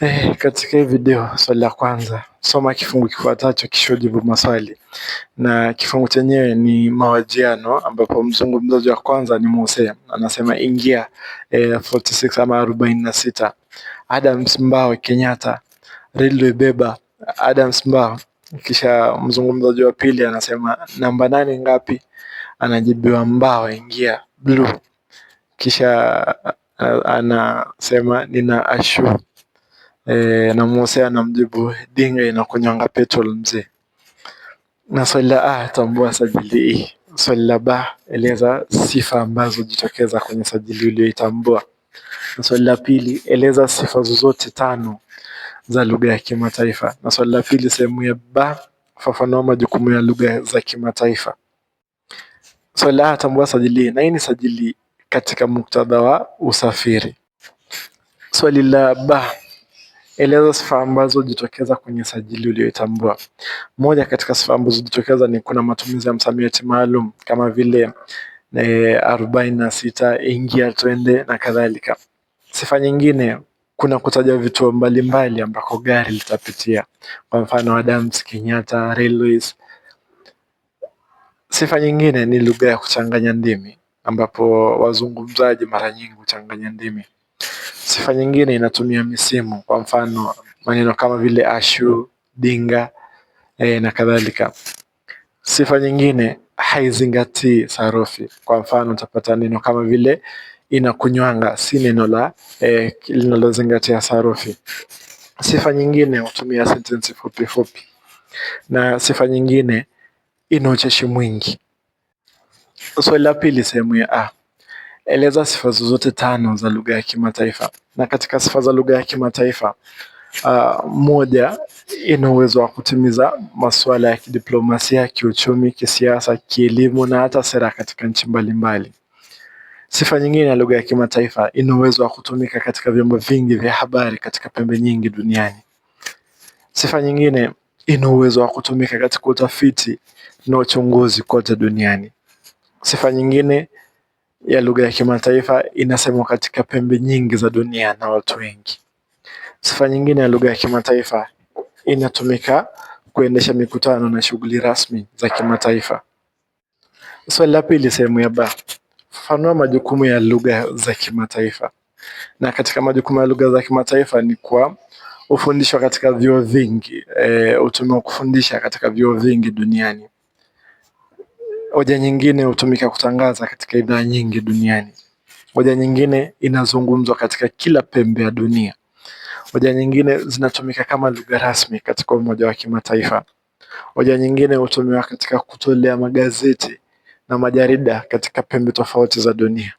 Eh, katika hii video swali la kwanza, soma kifungu kifuatacho kisha jibu maswali. Na kifungu chenyewe ni mahojiano, ambapo mzungumzaji wa kwanza ni Mose, anasema ingia eh, 46 ama 46. Adams Mbao Kenyatta, Railway Beba, Adams Mbao. Kisha mzungumzaji wa pili anasema namba nane ngapi? Anajibiwa Mbao, ingia blue. Kisha anasema nina ashu e, eh, na namjibu dinga inakunywanga petrol mzee. Na swali la a, ah, tambua sajili hii. Swali la ba, eleza sifa ambazo jitokeza kwenye sajili uliyoitambua. Na swali la pili, eleza sifa zozote tano za lugha ya kimataifa. Na swali la pili sehemu ya ba, fafanua majukumu ya lugha za kimataifa. Swali la a, ah, tambua sajili na hii ni sajili katika muktadha wa usafiri. Swali la ba Eleza sifa ambazo hujitokeza kwenye sajili uliyoitambua. Moja katika sifa ambazo hujitokeza ni kuna matumizi ya msamiati maalum kama vile eh, arobaini na sita, ingia, twende na kadhalika. Sifa nyingine kuna kutaja vituo mbalimbali ambako gari litapitia, kwa mfano Adams, Kenyatta, Railways. Sifa nyingine ni lugha ya kuchanganya ndimi ambapo wazungumzaji mara nyingi huchanganya ndimi. Sifa nyingine inatumia misimu, kwa mfano maneno kama vile ashu, dinga e, na kadhalika. Sifa nyingine haizingatii sarufi, kwa mfano utapata neno kama vile inakunywanga si neno la e, linalozingatia sarufi. Sifa nyingine hutumia sentensi fupi fupi, na sifa nyingine ina ucheshi mwingi. Swali la pili sehemu ya a Eleza sifa zozote tano za lugha ya kimataifa. Na katika sifa za lugha ya kimataifa uh, moja, ina uwezo wa kutimiza masuala ya kidiplomasia, kiuchumi, kisiasa, kielimu na hata sera katika nchi mbalimbali. Sifa nyingine ya lugha ya kimataifa, ina uwezo wa kutumika katika vyombo vingi vya habari katika pembe nyingi duniani. Sifa nyingine, ina uwezo wa kutumika katika utafiti na uchunguzi kote duniani. Sifa nyingine ya lugha ya kimataifa inasemwa katika pembe nyingi za dunia na watu wengi. Sifa nyingine ya lugha ya kimataifa inatumika kuendesha mikutano na shughuli rasmi za kimataifa. Swali la pili sehemu ya ba, fafanua majukumu ya lugha za kimataifa. Na katika majukumu ya lugha za kimataifa ni kwa hufundishwa katika vyuo vingi, e, e, kufundisha katika vyuo vingi duniani. Hoja nyingine hutumika kutangaza katika idhaa nyingi duniani. Hoja nyingine inazungumzwa katika kila pembe ya dunia. Hoja nyingine zinatumika kama lugha rasmi katika Umoja wa Kimataifa. Hoja nyingine hutumiwa katika kutolea magazeti na majarida katika pembe tofauti za dunia.